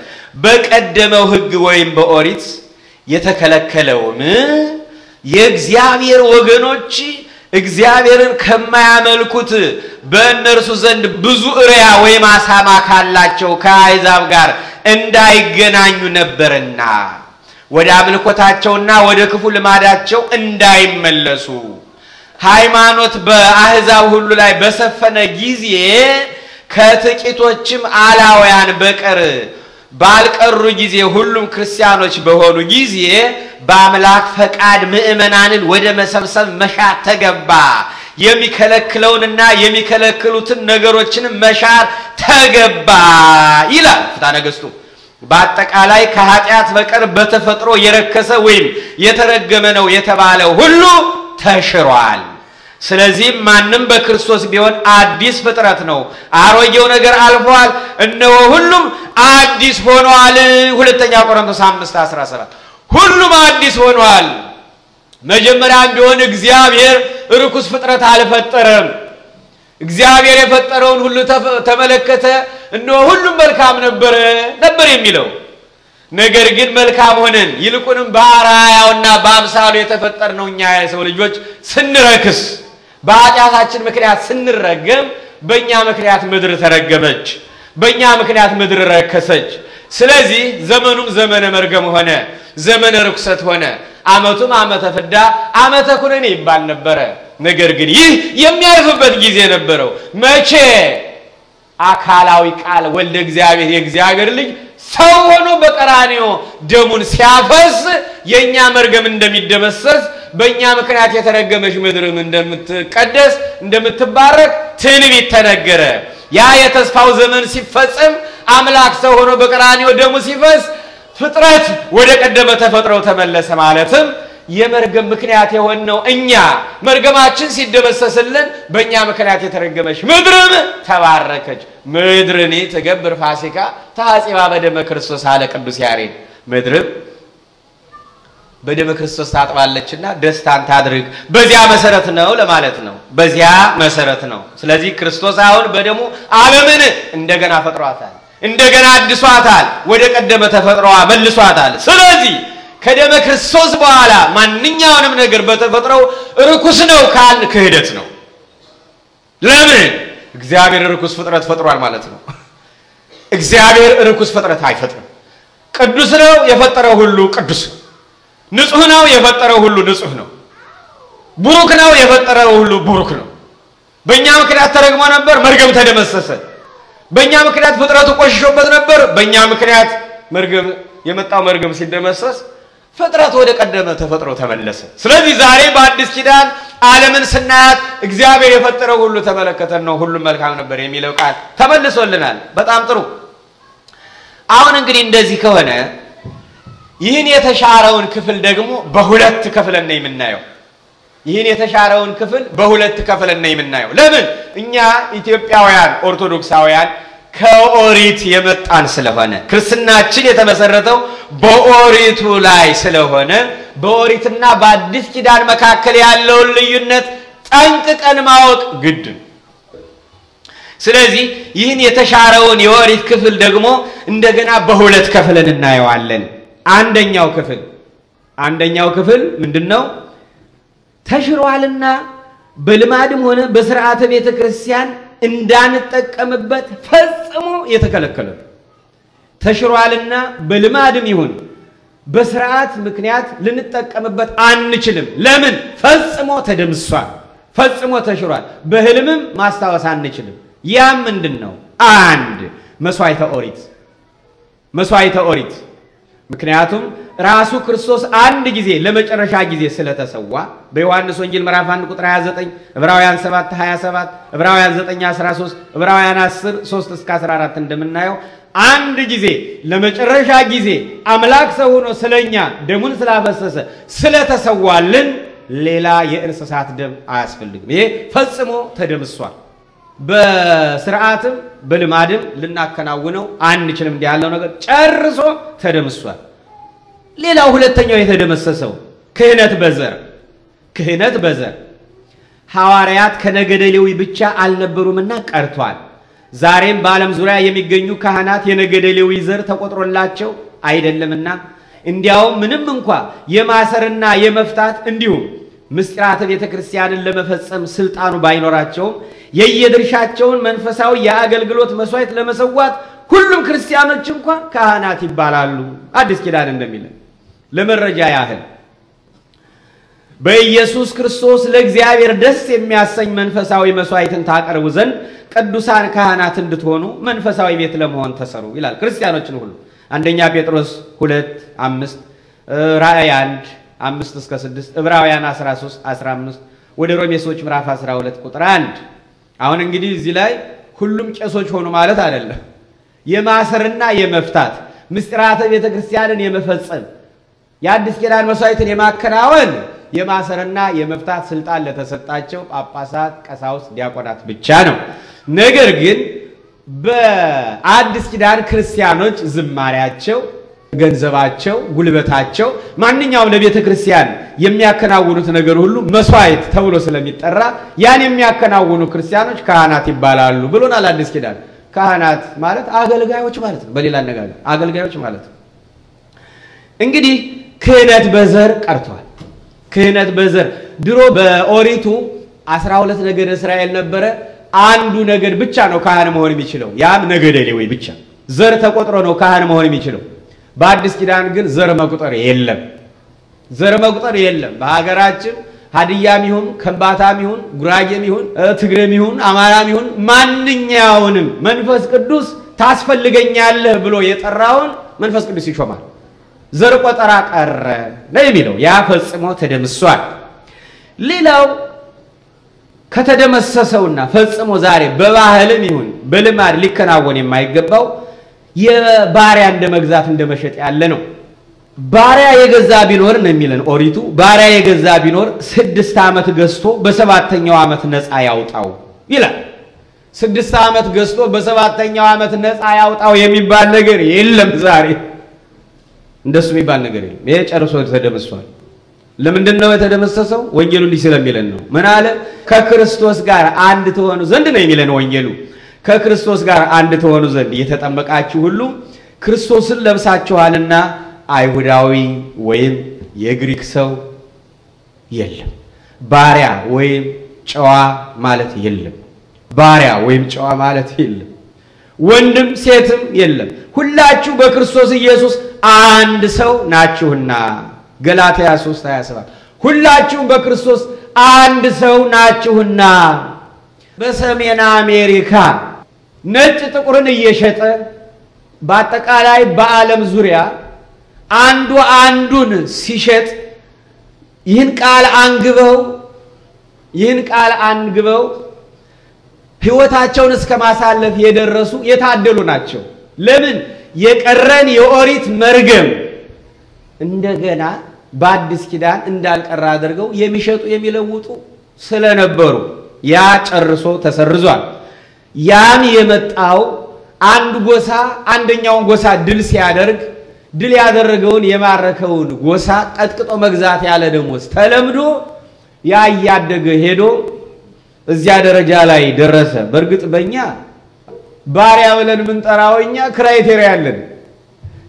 በቀደመው ሕግ ወይም በኦሪት የተከለከለውም የእግዚአብሔር ወገኖች እግዚአብሔርን ከማያመልኩት በእነርሱ ዘንድ ብዙ እሪያ ወይም አሳማ ካላቸው ከአይዛብ ጋር እንዳይገናኙ ነበርና ወደ አምልኮታቸውና ወደ ክፉ ልማዳቸው እንዳይመለሱ ሃይማኖት በአህዛብ ሁሉ ላይ በሰፈነ ጊዜ ከጥቂቶችም አላውያን በቀር ባልቀሩ ጊዜ ሁሉም ክርስቲያኖች በሆኑ ጊዜ በአምላክ ፈቃድ ምእመናንን ወደ መሰብሰብ መሻት ተገባ። የሚከለክለውንና የሚከለክሉትን ነገሮችንም መሻር ተገባ ይላል ፍትሐ በአጠቃላይ ከኃጢአት በቀር በተፈጥሮ የረከሰ ወይም የተረገመ ነው የተባለ ሁሉ ተሽሯል። ስለዚህም ማንም በክርስቶስ ቢሆን አዲስ ፍጥረት ነው፣ አሮጌው ነገር አልፏል፣ እነሆ ሁሉም አዲስ ሆኗል። ሁለተኛ ቆሮንቶስ 5 17 ሁሉም አዲስ ሆኗል። መጀመሪያም ቢሆን እግዚአብሔር ርኩስ ፍጥረት አልፈጠረም። እግዚአብሔር የፈጠረውን ሁሉ ተመለከተ፣ እነሆ ሁሉም መልካም ነበረ ነበር የሚለው ነገር ግን መልካም ሆነን ይልቁንም በአርአያውና በአምሳሉ የተፈጠርነው እኛ የሰው ልጆች ስንረክስ በኃጢአታችን ምክንያት ስንረገም በእኛ ምክንያት ምድር ተረገመች፣ በእኛ ምክንያት ምድር ረከሰች። ስለዚህ ዘመኑም ዘመነ መርገም ሆነ፣ ዘመነ ርኩሰት ሆነ። ዓመቱም ዓመተ ፍዳ፣ ዓመተ ኩነኔ ይባል ነበረ። ነገር ግን ይህ የሚያርፍበት ጊዜ ነበረው መቼ አካላዊ ቃል ወልደ እግዚአብሔር የእግዚአብሔር ልጅ ሰው ሆኖ በቀራንዮ ደሙን ሲያፈስ የእኛ መርገም እንደሚደመሰስ በእኛ ምክንያት የተረገመች ምድርም እንደምትቀደስ እንደምትባረክ ትንቢት ተነገረ። ያ የተስፋው ዘመን ሲፈጸም አምላክ ሰው ሆኖ በቀራንዮ ደሙ ሲፈስ ፍጥረት ወደ ቀደመ ተፈጥሮ ተመለሰ ማለትም የመርገም ምክንያት የሆነው እኛ መርገማችን ሲደመሰስልን በእኛ ምክንያት የተረገመች ምድርም ተባረከች። ምድርኒ ትገብር ፋሲካ ተሐጺባ በደመ ክርስቶስ አለ ቅዱስ ያሬድ። ምድርም በደመ ክርስቶስ ታጥባለችና ደስታን ታድርግ። በዚያ መሰረት ነው ለማለት ነው። በዚያ መሰረት ነው። ስለዚህ ክርስቶስ አሁን በደሙ ዓለምን እንደገና ፈጥሯታል፣ እንደገና አድሷታል፣ ወደ ቀደመ ተፈጥሯ መልሷታል። ስለዚህ ከደመ ክርስቶስ በኋላ ማንኛውንም ነገር በተፈጥረው ርኩስ ነው ካል ክህደት ነው። ለምን? እግዚአብሔር ርኩስ ፍጥረት ፈጥሯል ማለት ነው። እግዚአብሔር ርኩስ ፍጥረት አይፈጥርም። ቅዱስ ነው፣ የፈጠረው ሁሉ ቅዱስ ነው። ንጹህ ነው፣ የፈጠረው ሁሉ ንጹህ ነው። ቡሩክ ነው፣ የፈጠረው ሁሉ ቡሩክ ነው። በእኛ ምክንያት ተረግሞ ነበር፣ መርገም ተደመሰሰ። በእኛ ምክንያት ፍጥረቱ ቆሽሾበት ነበር፣ በእኛ ምክንያት መርገም የመጣው መርገም ሲደመሰስ ፍጥረት ወደ ቀደመ ተፈጥሮ ተመለሰ። ስለዚህ ዛሬ በአዲስ ኪዳን ዓለምን ስናያት እግዚአብሔር የፈጠረው ሁሉ ተመለከተን ነው። ሁሉም መልካም ነበር የሚለው ቃል ተመልሶልናል። በጣም ጥሩ። አሁን እንግዲህ እንደዚህ ከሆነ ይህን የተሻረውን ክፍል ደግሞ በሁለት ከፍለን ነው የምናየው። ይህን የተሻረውን ክፍል በሁለት ከፍለን ነው የምናየው። ለምን እኛ ኢትዮጵያውያን ኦርቶዶክሳውያን ከኦሪት የመጣን ስለሆነ ክርስትናችን የተመሰረተው በኦሪቱ ላይ ስለሆነ በኦሪትና በአዲስ ኪዳን መካከል ያለውን ልዩነት ጠንቅቀን ማወቅ ግድ ስለዚህ ይህን የተሻረውን የኦሪት ክፍል ደግሞ እንደገና በሁለት ከፍለን እናየዋለን። አንደኛው ክፍል አንደኛው ክፍል ምንድን ነው? ተሽሯልና በልማድም ሆነ በስርዓተ ቤተ ክርስቲያን እንዳንጠቀምበት ፈጽሞ የተከለከለ ተሽሯልና በልማድም ይሁን በስርዓት ምክንያት ልንጠቀምበት አንችልም። ለምን? ፈጽሞ ተደምሷል፣ ፈጽሞ ተሽሯል። በህልምም ማስታወስ አንችልም። ያም ምንድን ነው? አንድ መስዋዕተ ኦሪት መስዋዕተ ኦሪት ምክንያቱም ራሱ ክርስቶስ አንድ ጊዜ ለመጨረሻ ጊዜ ስለተሰዋ በዮሐንስ ወንጌል ምዕራፍ 1 ቁጥር 29፣ ዕብራውያን 7 27፣ ዕብራውያን 9 13፣ ዕብራውያን 10 3 እስከ 14 እንደምናየው አንድ ጊዜ ለመጨረሻ ጊዜ አምላክ ሰው ሆኖ ስለኛ ደሙን ስላፈሰሰ ስለተሰዋልን ሌላ የእንስሳት ደም አያስፈልግም። ይሄ ፈጽሞ ተደምሷል። በስርዓትም በልማድም ልናከናውነው አንችልም። እንዲህ ያለው ነገር ጨርሶ ተደምሷል። ሌላው ሁለተኛው የተደመሰሰው ክህነት በዘር ክህነት በዘር ሐዋርያት ከነገደ ሌዊ ብቻ አልነበሩምና ቀርቷል። ዛሬም በዓለም ዙሪያ የሚገኙ ካህናት የነገደ ሌዊ ዘር ተቆጥሮላቸው አይደለምና እንዲያውም ምንም እንኳ የማሰርና የመፍታት እንዲሁም ምስጢራተ ቤተ ክርስቲያንን ለመፈጸም ስልጣኑ ባይኖራቸውም የየድርሻቸውን መንፈሳዊ የአገልግሎት መስዋዕት ለመሰዋት ሁሉም ክርስቲያኖች እንኳን ካህናት ይባላሉ። አዲስ ኪዳን እንደሚለን ለመረጃ ያህል በኢየሱስ ክርስቶስ ለእግዚአብሔር ደስ የሚያሰኝ መንፈሳዊ መስዋዕትን ታቀርቡ ዘንድ ቅዱሳን ካህናት እንድትሆኑ መንፈሳዊ ቤት ለመሆን ተሰሩ ይላል ክርስቲያኖችን ሁሉ አንደኛ ጴጥሮስ ሁለት አምስት ራእይ አንድ አምስት እስከ ስድስት ዕብራውያን 13 15 ወደ ሮሜ ሰዎች ምዕራፍ 12 ቁጥር አንድ አሁን እንግዲህ እዚህ ላይ ሁሉም ቄሶች ሆኑ ማለት አይደለም። የማሰርና የመፍታት ምስጢራተ ቤተ ክርስቲያንን የመፈጸም የአዲስ ኪዳን መስዋዕትን የማከናወን የማሰርና የመፍታት ስልጣን ለተሰጣቸው ጳጳሳት፣ ቀሳውስት፣ ዲያቆናት ብቻ ነው። ነገር ግን በአዲስ ኪዳን ክርስቲያኖች ዝማሪያቸው ገንዘባቸው፣ ጉልበታቸው፣ ማንኛውም ለቤተ ክርስቲያን የሚያከናውኑት ነገር ሁሉ መስዋዕት ተብሎ ስለሚጠራ ያን የሚያከናውኑ ክርስቲያኖች ካህናት ይባላሉ ብሎናል አዲስ ኪዳን። ካህናት ማለት አገልጋዮች ማለት ነው። በሌላ አነጋገር አገልጋዮች ማለት ነው። እንግዲህ ክህነት በዘር ቀርቷል። ክህነት በዘር ድሮ በኦሪቱ አስራ ሁለት ነገድ እስራኤል ነበረ። አንዱ ነገድ ብቻ ነው ካህን መሆን የሚችለው፣ ያም ነገደ ሌዊ ብቻ። ዘር ተቆጥሮ ነው ካህን መሆን የሚችለው። በአዲስ ኪዳን ግን ዘር መቁጠር የለም። ዘር መቁጠር የለም። በሀገራችን ሀዲያም ይሁን ከምባታም ይሁን ጉራጌም ይሁን ትግሬም ይሁን አማራም ይሁን ማንኛውንም መንፈስ ቅዱስ ታስፈልገኛለህ ብሎ የጠራውን መንፈስ ቅዱስ ይሾማል። ዘር ቆጠራ ቀረ ነው የሚለው። ያ ፈጽሞ ተደምሷል። ሌላው ከተደመሰሰውና ፈጽሞ ዛሬ በባህልም ይሁን በልማድ ሊከናወን የማይገባው የባሪያ እንደ መግዛት እንደ መሸጥ ያለ ነው። ባሪያ የገዛ ቢኖር ነው የሚለን ኦሪቱ። ባሪያ የገዛ ቢኖር ስድስት ዓመት ገዝቶ በሰባተኛው ዓመት ነፃ ያውጣው ይላል። ስድስት ዓመት ገዝቶ በሰባተኛው ዓመት ነፃ ያውጣው የሚባል ነገር የለም። ዛሬ እንደሱ የሚባል ነገር የለም። ይሄ ጨርሶ ተደምሷል። ለምንድን ነው የተደመሰሰው? ወንጌሉ እንዲህ ስለሚለን ነው። ምን አለ? ከክርስቶስ ጋር አንድ ትሆኑ ዘንድ ነው የሚለን ወንጌሉ። ከክርስቶስ ጋር አንድ ተሆኑ ዘንድ የተጠመቃችሁ ሁሉ ክርስቶስን ለብሳችኋልና አይሁዳዊ ወይም የግሪክ ሰው የለም፣ ባሪያ ወይም ጨዋ ማለት የለም፣ ባሪያ ወይም ጨዋ ማለት የለም፣ ወንድም ሴትም የለም፣ ሁላችሁ በክርስቶስ ኢየሱስ አንድ ሰው ናችሁና። ገላትያ 3 27 ሁላችሁም በክርስቶስ አንድ ሰው ናችሁና በሰሜን አሜሪካ ነጭ ጥቁርን እየሸጠ በአጠቃላይ በዓለም ዙሪያ አንዱ አንዱን ሲሸጥ ይህን ቃል አንግበው ይህን ቃል አንግበው ሕይወታቸውን እስከ ማሳለፍ የደረሱ የታደሉ ናቸው። ለምን የቀረን የኦሪት መርገም እንደገና በአዲስ ኪዳን እንዳልቀረ አድርገው የሚሸጡ የሚለውጡ ስለነበሩ ያ ጨርሶ ተሰርዟል። ያን የመጣው አንድ ጎሳ አንደኛውን ጎሳ ድል ሲያደርግ ድል ያደረገውን የማረከውን ጎሳ ቀጥቅጦ መግዛት ያለ ደሞዝ ተለምዶ ያ እያደገ ሄዶ እዚያ ደረጃ ላይ ደረሰ። በእርግጥ በእኛ ባሪያ ብለን የምንጠራው እኛ ክራይቴሪያ አለን፣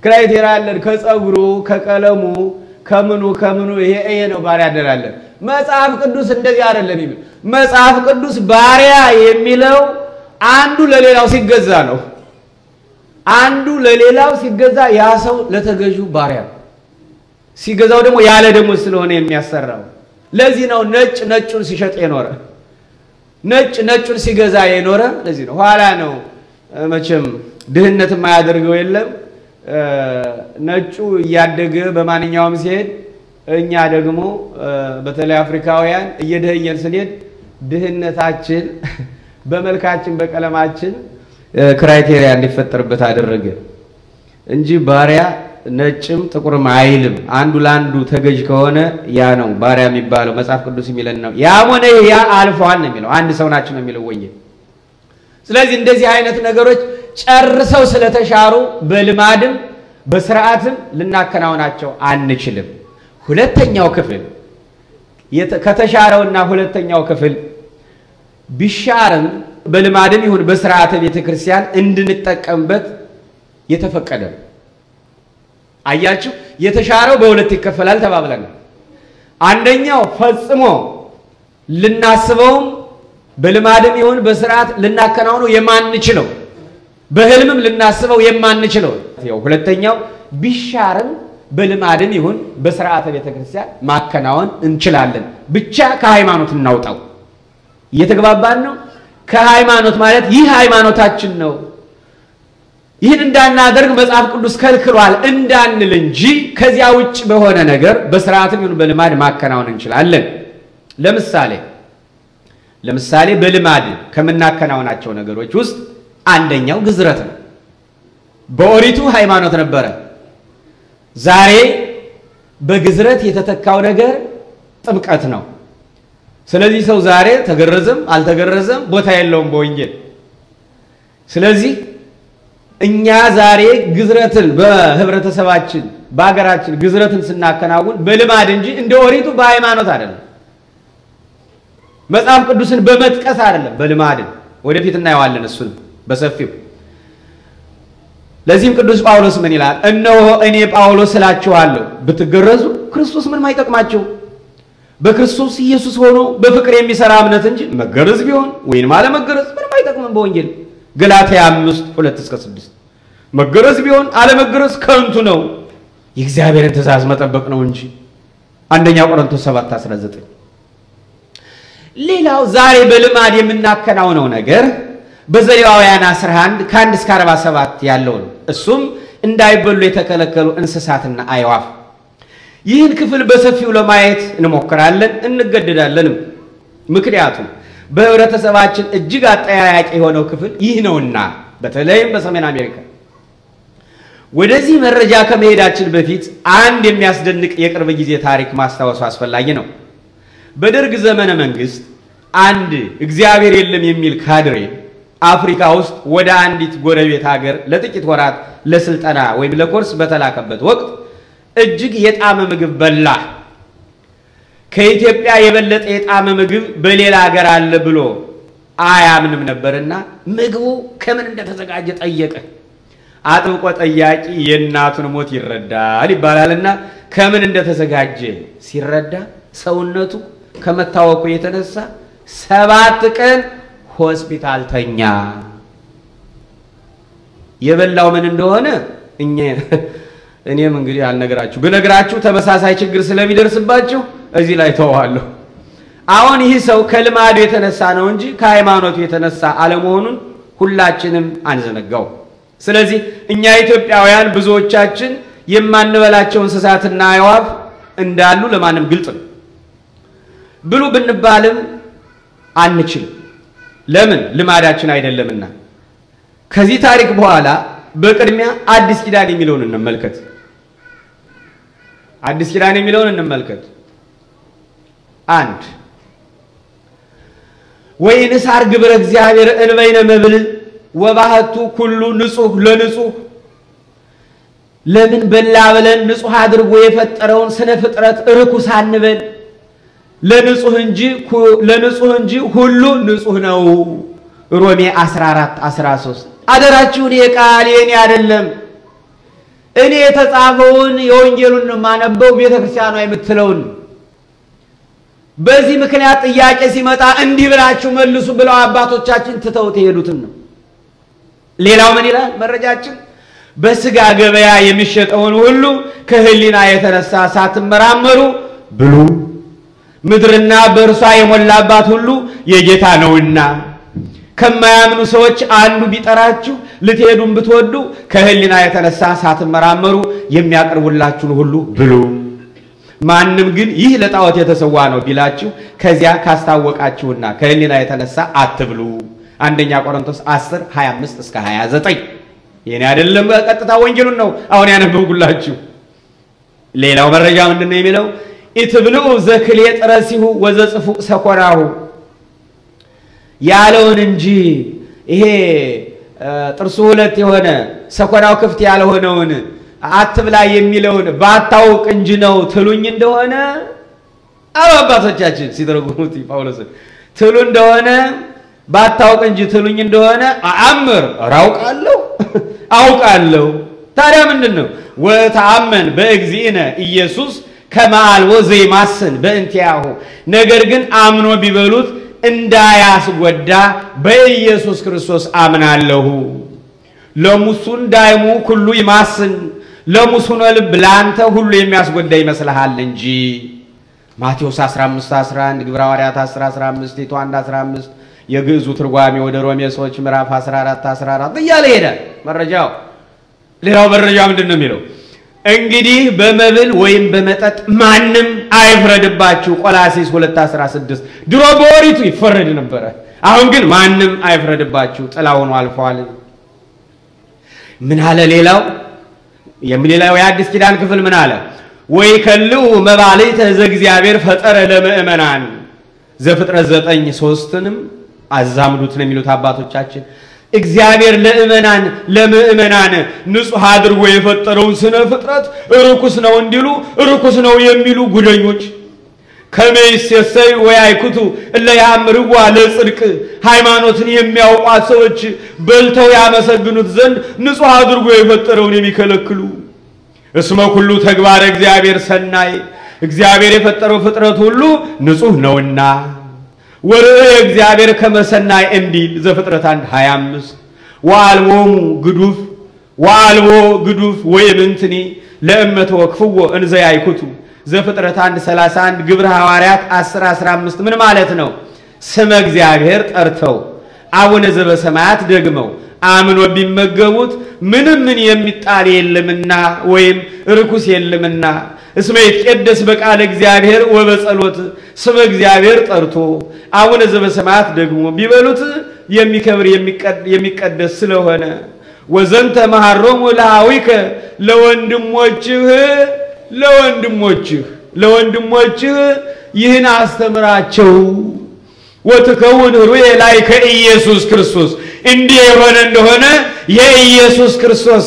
ክራይቴሪያ አለን። ከፀጉሩ፣ ከቀለሙ፣ ከምኑ ከምኑ ይሄ ይሄ ነው ባሪያ እንላለን። መጽሐፍ ቅዱስ እንደዚህ አይደለም። መጽሐፍ ቅዱስ ባሪያ የሚለው አንዱ ለሌላው ሲገዛ ነው። አንዱ ለሌላው ሲገዛ ያ ሰው ለተገዢው ባሪያ ነው። ሲገዛው ደግሞ ያለ ደሞዝ ስለሆነ የሚያሰራው። ለዚህ ነው ነጭ ነጩን ሲሸጥ የኖረ ነጭ ነጩን ሲገዛ የኖረ ለዚህ ነው። ኋላ ነው መቼም ድህነት የማያደርገው የለም። ነጩ እያደገ በማንኛውም ሲሄድ፣ እኛ ደግሞ በተለይ አፍሪካውያን እየደህየን ስንሄድ ድህነታችን በመልካችን በቀለማችን ክራይቴሪያ እንዲፈጠርበት አደረገ እንጂ ባሪያ ነጭም ጥቁርም አይልም። አንዱ ለአንዱ ተገዥ ከሆነ ያ ነው ባሪያ የሚባለው። መጽሐፍ ቅዱስ የሚለን ነው። ያም ሆነ ያ አልፈዋል ነው የሚለው። አንድ ሰው ናቸው ነው የሚለው ወየ። ስለዚህ እንደዚህ አይነት ነገሮች ጨርሰው ስለተሻሩ በልማድም በስርዓትም ልናከናውናቸው አንችልም። ሁለተኛው ክፍል ከተሻረውና ሁለተኛው ክፍል ቢሻርም በልማድም ይሁን በስርዓተ ቤተ ክርስቲያን እንድንጠቀምበት የተፈቀደ ነው። አያችሁ፣ የተሻረው በሁለት ይከፈላል ተባብለን፣ አንደኛው ፈጽሞ ልናስበውም በልማድም ይሁን በስርዓት ልናከናውነው የማንችለው በህልምም ልናስበው የማንችለው፣ ሁለተኛው ቢሻርም በልማድም ይሁን በስርዓተ ቤተ ክርስቲያን ማከናወን እንችላለን፣ ብቻ ከሃይማኖት እናውጣው። እየተግባባን ነው። ከሃይማኖት ማለት ይህ ሃይማኖታችን ነው፣ ይህን እንዳናደርግ መጽሐፍ ቅዱስ ከልክሏል እንዳንል እንጂ ከዚያ ውጭ በሆነ ነገር በስርዓትም ይሁን በልማድ ማከናወን እንችላለን። ለምሳሌ ለምሳሌ በልማድ ከምናከናውናቸው ነገሮች ውስጥ አንደኛው ግዝረት ነው። በኦሪቱ ሃይማኖት ነበረ። ዛሬ በግዝረት የተተካው ነገር ጥምቀት ነው። ስለዚህ ሰው ዛሬ ተገረዘም አልተገረዘም ቦታ የለውም በወንጌል። ስለዚህ እኛ ዛሬ ግዝረትን በህብረተሰባችን በሀገራችን ግዝረትን ስናከናውን በልማድ እንጂ እንደ ኦሪቱ በሃይማኖት አይደለም፣ መጽሐፍ ቅዱስን በመጥቀስ አይደለም፣ በልማድን ወደፊት እናየዋለን እሱን በሰፊው። ለዚህም ቅዱስ ጳውሎስ ምን ይላል? እነሆ እኔ ጳውሎስ እላችኋለሁ ብትገረዙ ክርስቶስ ምንም አይጠቅማችሁ በክርስቶስ ኢየሱስ ሆኖ በፍቅር የሚሰራ እምነት እንጂ መገረዝ ቢሆን ወይም አለመገረዝ ምንም አይጠቅምም። በወንጌል ገላትያ 5 2 እስከ 6 መገረዝ ቢሆን አለመገረዝ ከንቱ ነው፣ የእግዚአብሔርን ትእዛዝ መጠበቅ ነው እንጂ። አንደኛ ቆሮንቶስ 7 19 ሌላው ዛሬ በልማድ የምናከናውነው ነገር በዘሌዋውያን 11 ከ1 እስከ 47 ያለውን እሱም እንዳይበሉ የተከለከሉ እንስሳትና አይዋፍ ይህን ክፍል በሰፊው ለማየት እንሞክራለን እንገደዳለንም። ምክንያቱም በህብረተሰባችን እጅግ አጠያያቂ የሆነው ክፍል ይህ ነውና በተለይም በሰሜን አሜሪካ። ወደዚህ መረጃ ከመሄዳችን በፊት አንድ የሚያስደንቅ የቅርብ ጊዜ ታሪክ ማስታወሱ አስፈላጊ ነው። በደርግ ዘመነ መንግስት አንድ እግዚአብሔር የለም የሚል ካድሬ አፍሪካ ውስጥ ወደ አንዲት ጎረቤት ሀገር ለጥቂት ወራት ለስልጠና ወይም ለኮርስ በተላከበት ወቅት እጅግ የጣመ ምግብ በላ። ከኢትዮጵያ የበለጠ የጣመ ምግብ በሌላ ሀገር አለ ብሎ አያምንም ነበርና ምግቡ ከምን እንደተዘጋጀ ጠየቀ። አጥብቆ ጠያቂ የእናቱን ሞት ይረዳል ይባላልና ከምን እንደተዘጋጀ ሲረዳ ሰውነቱ ከመታወቁ የተነሳ ሰባት ቀን ሆስፒታል ተኛ። የበላው ምን እንደሆነ እኛ እኔም እንግዲህ አልነግራችሁ ብነግራችሁ ተመሳሳይ ችግር ስለሚደርስባችሁ እዚህ ላይ ተዋለሁ። አሁን ይህ ሰው ከልማዱ የተነሳ ነው እንጂ ከሃይማኖቱ የተነሳ አለመሆኑን ሁላችንም አንዘነጋው። ስለዚህ እኛ ኢትዮጵያውያን ብዙዎቻችን የማንበላቸው እንስሳትና አዕዋፍ እንዳሉ ለማንም ግልጽ ነው። ብሉ ብንባልም አንችልም። ለምን? ልማዳችን አይደለምና። ከዚህ ታሪክ በኋላ በቅድሚያ አዲስ ኪዳን የሚለውን እንመልከት። አዲስ ኪዳን የሚለውን እንመልከት። አንድ ንሳር ግብረ እግዚአብሔር እንበይነ መብል ወባህቱ ኩሉ ንጹህ ለንጹህ ለምን በላ ብለን ንጹህ አድርጎ የፈጠረውን ስነ ፍጥረት ርኩስ አንበል፣ ለንጹህ እንጂ ለንጹህ እንጂ ሁሉ ንጹህ ነው። ሮሜ 14 13 አደራችሁን የቃል የኔ አይደለም። እኔ የተጻፈውን የወንጌሉን ነው የማነበው፣ ቤተ ክርስቲያኗ የምትለውን። በዚህ ምክንያት ጥያቄ ሲመጣ እንዲህ ብላችሁ መልሱ ብለው አባቶቻችን ትተውት የሄዱትን ነው። ሌላው ምን ይላል መረጃችን? በስጋ ገበያ የሚሸጠውን ሁሉ ከህሊና የተነሳ ሳትመራመሩ ብሉ፣ ምድርና በእርሷ የሞላባት ሁሉ የጌታ ነውና ከማያምኑ ሰዎች አንዱ ቢጠራችሁ ልትሄዱም ብትወዱ ከህሊና የተነሳ ሳትመራመሩ የሚያቀርቡላችሁን ሁሉ ብሉ። ማንም ግን ይህ ለጣዖት የተሰዋ ነው ቢላችሁ ከዚያ ካስታወቃችሁና ከህሊና የተነሳ አትብሉ። አንደኛ ቆሮንቶስ 10 25 እስከ 29። ይህኔ አይደለም፣ ቀጥታ ወንጌሉን ነው አሁን ያነበብኩላችሁ። ሌላው መረጃ ምንድን ነው የሚለው? ኢትብልዑ ዘክሌ ጥረሲሁ ወዘጽፉ ሰኮናሁ? ያለውን እንጂ ይሄ ጥርሱ ሁለት የሆነ ሰኮናው ክፍት ያልሆነውን አትብላ የሚለውን ባታውቅ እንጂ ነው ትሉኝ እንደሆነ አሁ አባቶቻችን ሲተረጉሙት ጳውሎስን ትሉ እንደሆነ ባታውቅ እንጂ ትሉኝ እንደሆነ አምር ራውቃለሁ [laughs] አውቃለሁ። ታዲያ ምንድን ነው ወተአመን በእግዚእነ ኢየሱስ ከመአልቦ ዘይማስን በእንቲያሁ ነገር ግን አምኖ ቢበሉት እንዳያስጎዳ በኢየሱስ ክርስቶስ አምናለሁ። ለሙሱን ዳይሙ ሁሉ ይማስን ለሙሱነ ልብ ለአንተ ሁሉ የሚያስጎዳ ይመስልሃል እንጂ ማቴዎስ 15 11 ግብረ ሐዋርያት 10 15 ቲቶ 1 15 የግዕዙ ትርጓሜ ወደ ሮሜ ሰዎች ምዕራፍ 14 14 እያለ ሄደ መረጃው። ሌላው መረጃ ምንድን ነው የሚለው? እንግዲህ በመብል ወይም በመጠጥ ማንም አይፍረድባችሁ ቆላሲስ 216 ድሮ በወሪቱ ይፈረድ ነበረ አሁን ግን ማንም አይፍረድባችሁ ጥላ ሆኖ አልፏል ምን አለ ሌላው የሚሌላው የአዲስ ኪዳን ክፍል ምን አለ ወይ ከልው መባልዕተ ዘእግዚአብሔር ፈጠረ ለምእመናን ዘፍጥረት ዘጠኝ ሶስትንም አዛምዱት ነው የሚሉት አባቶቻችን እግዚአብሔር ለእመናን ለምእመናን ንጹሕ አድርጎ የፈጠረውን ስነ ፍጥረት ርኩስ ነው እንዲሉ ርኩስ ነው የሚሉ ጉደኞች ከመይሴሰይ ወያይኩቱ እለ ያምርዋ ለጽድቅ ሃይማኖትን የሚያውቋት ሰዎች በልተው ያመሰግኑት ዘንድ ንጹሕ አድርጎ የፈጠረውን የሚከለክሉ እስመ ኩሉ ተግባር እግዚአብሔር ሰናይ እግዚአብሔር የፈጠረው ፍጥረት ሁሉ ንጹሕ ነውና ወርእ እግዚአብሔር ከመሰናይ እንዲል ዘፍጥረት 1 25 ወአልቦሙ ግዱፍ ወአልቦ ግዱፍ ወይምንትኒ ለእመተ ወክፍዎ እንዘ ያይኩቱ ዘፍጥረት 1 31 ግብረ ሐዋርያት 10 15 ምን ማለት ነው? ስመ እግዚአብሔር ጠርተው አቡነ ዘበሰማያት ደግመው አምኖ ቢመገቡት ምንም ምን የሚጣል የለምና ወይም ርኩስ የለምና እስመ ይትቀደስ በቃለ እግዚአብሔር ወበጸሎት ስመ እግዚአብሔር ጠርቶ አቡነ ዘበሰማያት ደግሞ ቢበሉት የሚከብር የሚቀደስ ስለሆነ ወዘንተ መሐሮሙ ለአዊከ ለወንድሞችህ ለወንድሞችህ ለወንድሞችህ ይህን አስተምራቸው ወትከውን ሩየ ላይ ከኢየሱስ ክርስቶስ እንዲህ የሆነ እንደሆነ የኢየሱስ ክርስቶስ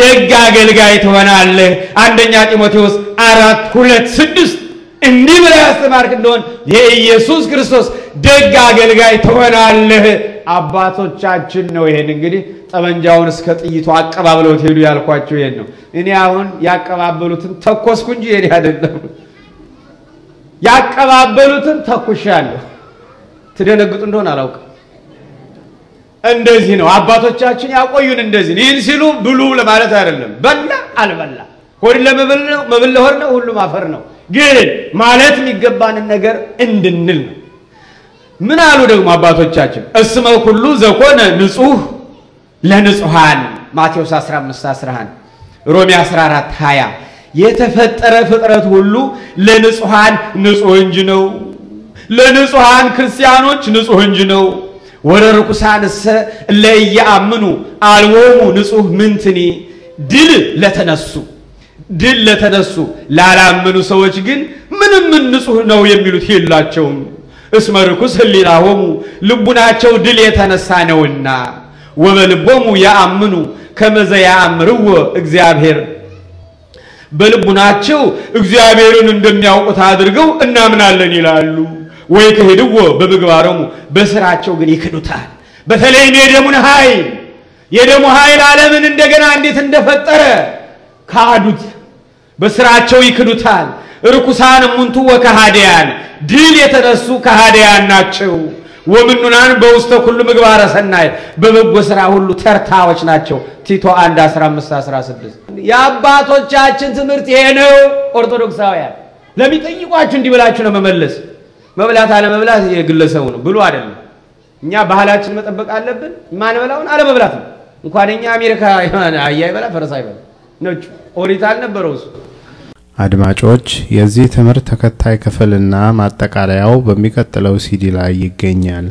ደግ አገልጋይ ትሆናለህ። አንደኛ ጢሞቴዎስ አራት ሁለት ስድስት እንዲህ ብለህ ያስተማርክ እንደሆን የኢየሱስ ክርስቶስ ደግ አገልጋይ ትሆናለህ። አባቶቻችን ነው ይሄን እንግዲህ ጠመንጃውን እስከ ጥይቱ አቀባብለውት ሄዱ ያልኳቸው ይሄን ነው። እኔ አሁን ያቀባበሉትን ተኮስኩ እንጂ ይሄን አይደለም። ያቀባበሉትን ተኩሻለሁ። ትደነግጡ እንደሆን አላውቅም። እንደዚህ ነው። አባቶቻችን ያቆዩን እንደዚህ ነው። ይህን ሲሉ ብሉ ለማለት አይደለም። በላ አልበላ ሆድ ለመብል ለሆድ ነው፣ ሁሉም አፈር ነው። ግን ማለት የሚገባንን ነገር እንድንል ነው። ምን አሉ ደግሞ አባቶቻችን? እስመ ሁሉ ዘኮነ ንጹህ ለንጹሃን ማቴዎስ 15 11 ሮሜ 14 20 የተፈጠረ ፍጥረት ሁሉ ለንጹሃን ንጹህ እንጂ ነው። ለንጹሃን ክርስቲያኖች ንጹህ እንጂ ነው። ወረርቁሳንሰ ለያምኑ አልወሙ ንጹህ ምንትኒ ድል ለተነሱ ድል ለተነሱ ላላመኑ ሰዎች ግን ምንም ምን ንጹህ ነው የሚሉት የላቸውም። እስመ ርኩስ ህሊናሆሙ ልቡናቸው ድል የተነሳ ነውና ወበልቦሙ ያአምኑ ከመዘ ያአምርዎ እግዚአብሔር በልቡናቸው እግዚአብሔርን እንደሚያውቁት አድርገው እናምናለን ይላሉ። ወይ ክህድዎ በምግባሮሙ በስራቸው ግን ይክዱታል። በተለይም የደሙን ኃይል የደሙ ኃይል ዓለምን እንደገና እንዴት እንደፈጠረ ካዱት፣ በስራቸው ይክዱታል። ርኩሳን እሙንቱ ወከሃዲያን ድል የተነሱ ከሃዲያን ናቸው። ወምኑናን በውስተ ሁሉ ምግባረ ሰናይ በበጎ ስራ ሁሉ ተርታዎች ናቸው። ቲቶ 1 15 16 የአባቶቻችን ትምህርት ይሄ ነው። ኦርቶዶክሳውያን ለሚጠይቋችሁ እንዲህ ብላችሁ ነው መመለስ መብላት አለመብላት የግለሰቡ ነው ብሎ አይደለም። እኛ ባህላችን መጠበቅ አለብን። ማንበላውን አለመብላት ነው። እንኳን እኛ አሜሪካ አህያ ይበላ ፈረስ አይበላ ነጩ ኦሪት አልነበረው እሱ። አድማጮች የዚህ ትምህርት ተከታይ ክፍልና ማጠቃለያው በሚቀጥለው ሲዲ ላይ ይገኛል።